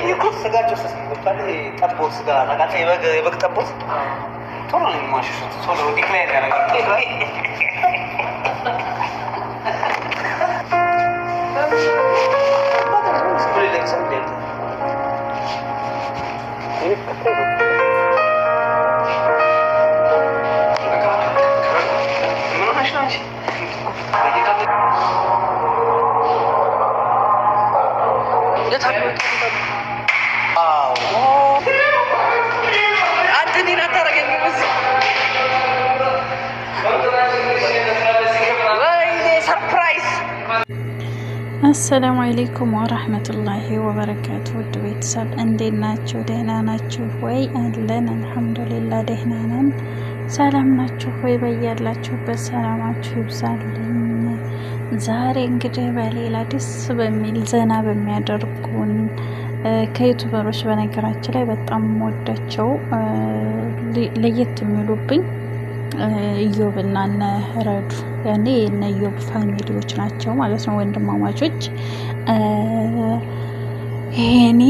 ቅቤ እኮ ስጋቸው ስስ ጠቦት ስጋ ታውቃለህ? የበግ ጠቦት ቶሎ ነው የሚሟሸሹት፣ ቶሎ ዲክላይን ያደርጋል። የት አሰላሙ አሌይኩም ወራህመቱላሂ ወበረካቱ። ውድ ቤተሰብ እንዴት ናችሁ? ደህና ናችሁ ወይ? አለን አልሐምዱሊላ ደህና ነን። ሰላም ናችሁ ወይ? በያላችሁበት ሰላማችሁ ይብዛልኝ። ዛሬ እንግዲህ በሌላ ደስ በሚል ዘና በሚያደርጉን ከዩቱበሮች በነገራችን ላይ በጣም ወዳቸው ለየት የሚሉብኝ እዮብ እና እነ ረዱ ያኔ እነ እዮብ ፋሚሊዎች ናቸው ማለት ነው፣ ወንድማማቾች ይሄኒ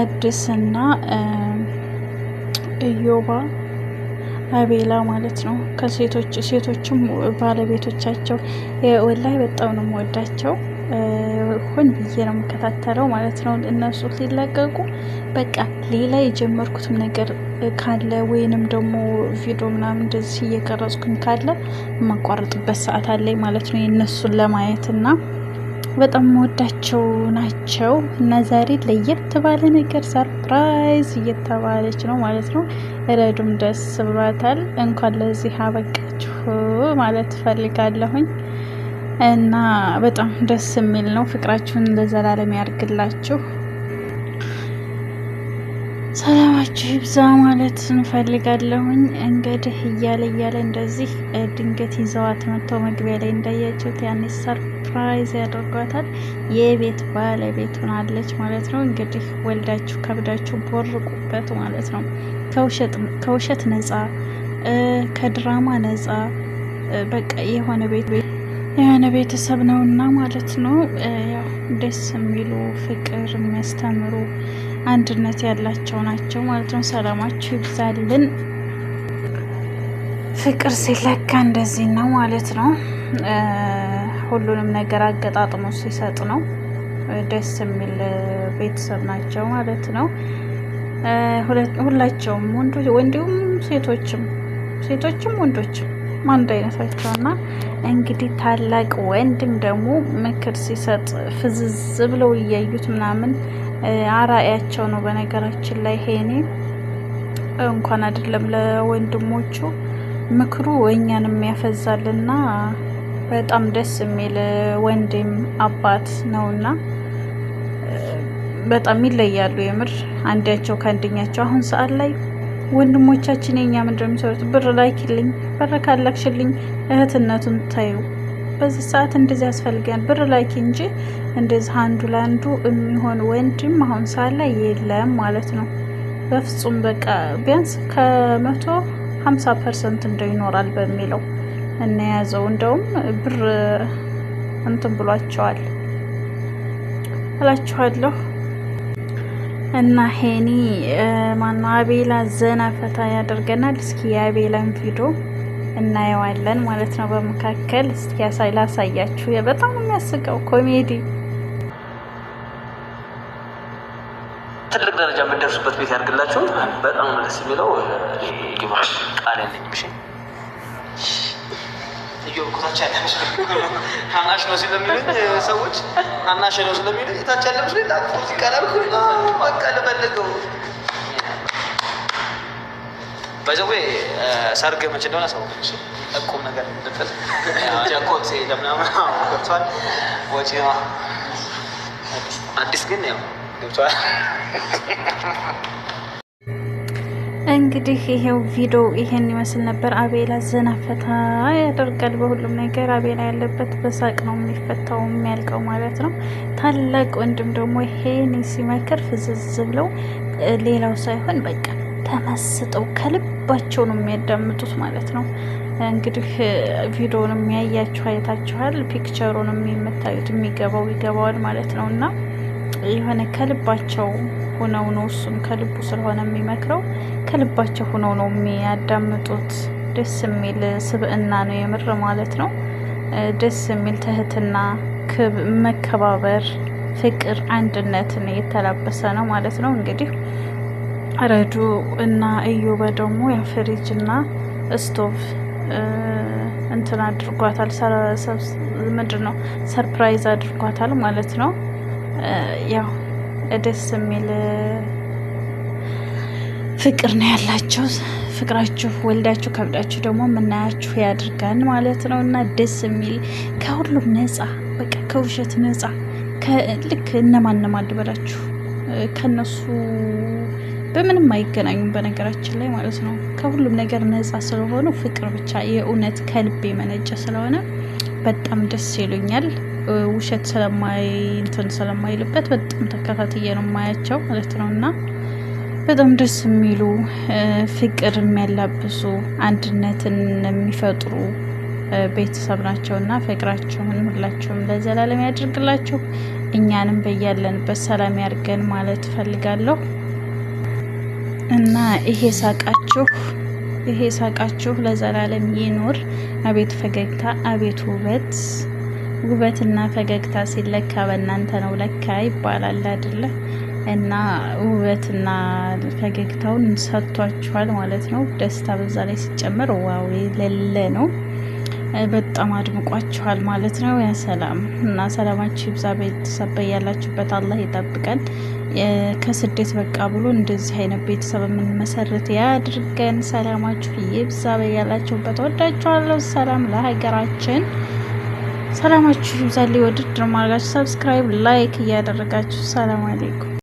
አዲስ እና እዮባ አቤላ ማለት ነው። ከሴቶች ሴቶችም ባለቤቶቻቸው ወላይ በጣም ነው የምወዳቸው። ሆን ብዬ ነው የምከታተለው ማለት ነው። እነሱ ሲለቀቁ በቃ ሌላ የጀመርኩትም ነገር ካለ ወይንም ደግሞ ቪዲዮ ምናምን እንደዚህ እየቀረጽኩኝ ካለ የማቋረጥበት ሰዓት አለኝ ማለት ነው። የእነሱን ለማየት እና በጣም ወዳቸው ናቸው እና ዛሬ ለየት ባለ ነገር ሰርፕራይዝ እየተባለች ነው ማለት ነው። ረዱም ደስ ብሏታል። እንኳን ለዚህ አበቃችሁ ማለት ፈልጋለሁኝ። እና በጣም ደስ የሚል ነው። ፍቅራችሁን ለዘላለም ያድርግላችሁ። ሰላማችሁ ይብዛ ማለት እንፈልጋለሁኝ። እንግዲህ እያለ እያለ እንደዚህ ድንገት ይዘዋት መጥተው መግቢያ ላይ እንዳያችሁት ያኔ ሰርፕራይዝ ያደርጓታል። የቤት ባለቤት ሆናለች ማለት ነው። እንግዲህ ወልዳችሁ ከብዳችሁ ቦርቁበት ማለት ነው። ከውሸት ነጻ፣ ከድራማ ነጻ በቃ የሆነ ቤት የሆነ ቤተሰብ ነው እና ማለት ነው። ያው ደስ የሚሉ ፍቅር የሚያስተምሩ አንድነት ያላቸው ናቸው ማለት ነው። ሰላማችሁ ይብዛልን። ፍቅር ሲለካ እንደዚህ ነው ማለት ነው። ሁሉንም ነገር አገጣጥሞ ሲሰጥ ነው። ደስ የሚል ቤተሰብ ናቸው ማለት ነው። ሁላቸውም ወንዱ ወንዲሁም ሴቶችም ሴቶችም ወንዶችም አንድ አይነት ናቸውና እንግዲህ ታላቅ ወንድም ደግሞ ምክር ሲሰጥ ፍዝዝ ብለው እያዩት ምናምን አራያቸው ነው። በነገራችን ላይ ሄኔ እንኳን አይደለም ለወንድሞቹ ምክሩ እኛንም ያፈዛልና በጣም ደስ የሚል ወንድም አባት ነውና በጣም ይለያሉ። የምር አንዳቸው ከአንደኛቸው አሁን ሰዓት ላይ ወንድሞቻችን የኛ ምድር የሚሰሩት ብር ላኪልኝ፣ ብር ካላክሽልኝ እህትነቱን ታዩ። በዚህ ሰዓት እንደዚህ ያስፈልጋል ብር ላኪ እንጂ እንደዚህ አንዱ ለአንዱ የሚሆን ወንድም አሁን ሰዓት ላይ የለም ማለት ነው። በፍጹም በቃ ቢያንስ ከመቶ ሀምሳ ፐርሰንት እንደው ይኖራል በሚለው እናያዘው። እንደውም ብር እንትን ብሏቸዋል እላችኋለሁ። እና ሄኒ ማነው አቤላ ዘና ፈታ ያደርገናል። እስኪ የአቤላን ቪዲዮ እናየዋለን ማለት ነው። በመካከል እስኪ ላሳያችሁ። በጣም የሚያስቀው ኮሜዲ ትልቅ ደረጃ የምትደርሱበት ቤት ያድርግላችሁ። በጣም ደስ የሚለው ቃል ያለኝ ሰውየው ታች ያለ ታናሽ ነው ስለሚሉኝ ሰዎች ታናሽ ነው ስለሚሉኝ ታች ያለ ምስል በቃ ልፈልገው። በዚህ ሰርግ መች እንደሆነ ሰው እቁም ነገር ልጥል ጀኮት ለምናምን ገብቷል። ወጪ አዲስ ግን ያው ገብቷል እንግዲህ ይሄው ቪዲዮ ይሄን ይመስል ነበር። አቤላ ዘና ፈታ ያደርጋል በሁሉም ነገር። አቤላ ያለበት በሳቅ ነው የሚፈታው የሚያልቀው ማለት ነው። ታላቅ ወንድም ደግሞ ይሄን ሲመክር ፍዝዝ ብለው ሌላው ሳይሆን በቃ ተመስጠው ከልባቸው ነው የሚያዳምጡት ማለት ነው። እንግዲህ ቪዲዮን የሚያያችሁ አይታችኋል። ፒክቸሩን የምታዩት የሚገባው ይገባዋል ማለት ነው እና የሆነ ከልባቸው ሆነው ነው እሱም ከልቡ ስለሆነ የሚመክረው ከልባቸው ሆነው ነው የሚያዳምጡት። ደስ የሚል ስብዕና ነው የምር ማለት ነው። ደስ የሚል ትህትና፣ መከባበር፣ ፍቅር፣ አንድነትን የተላበሰ ነው ማለት ነው። እንግዲህ ረዱ እና እዩበ ደግሞ የፍሪጅ እና ስቶቭ እንትን አድርጓታል። ምንድን ነው ሰርፕራይዝ አድርጓታል ማለት ነው ያው ደስ የሚል ፍቅር ነው ያላቸው። ፍቅራችሁ ወልዳችሁ ከብዳችሁ ደግሞ የምናያችሁ ያድርጋል ማለት ነው እና ደስ የሚል ከሁሉም ነጻ በቃ ከውሸት ነጻ ልክ እነማን ነማድ በላችሁ ከነሱ በምንም አይገናኙም በነገራችን ላይ ማለት ነው። ከሁሉም ነገር ነጻ ስለሆኑ ፍቅር ብቻ የእውነት ከልብ የመነጨ ስለሆነ በጣም ደስ ይሉኛል። ውሸት ስለማይ እንትን ስለማይልበት በጣም ተከታትዬ ነው የማያቸው ማለት ነው። እና በጣም ደስ የሚሉ ፍቅር የሚያላብሱ አንድነትን የሚፈጥሩ ቤተሰብ ናቸው እና ፍቅራቸውን ሁላቸውም ለዘላለም ያድርግላቸው እኛንም በያለንበት ሰላም ያርገን ማለት እፈልጋለሁ እና ይሄ ሳቃችሁ ይሄ ሳቃችሁ ለዘላለም ይኖር። አቤት ፈገግታ፣ አቤት ውበት ውበትና ፈገግታ ሲለካ በእናንተ ነው ለካ ይባላል አይደለ? እና ውበትና ፈገግታውን ሰጥቷችኋል ማለት ነው። ደስታ በዛ ላይ ሲጨመር ዋው የሌለ ነው። በጣም አድምቋችኋል ማለት ነው። ያ ሰላም እና ሰላማችሁ ይብዛ። ቤተሰብ ያላችሁበት አላህ ይጠብቀን ከስደት በቃ ብሎ እንደዚህ አይነት ቤተሰብ የምንመሰርት ያድርገን። ሰላማችሁ ይብዛ በያላችሁበት። ወዳችኋለሁ። ሰላም ለሀገራችን ሰላማችሁ ይብዛል። ወድድ ማድረጋችሁ ሰብስክራይብ፣ ላይክ እያደረጋችሁ ሰላም አለይኩም።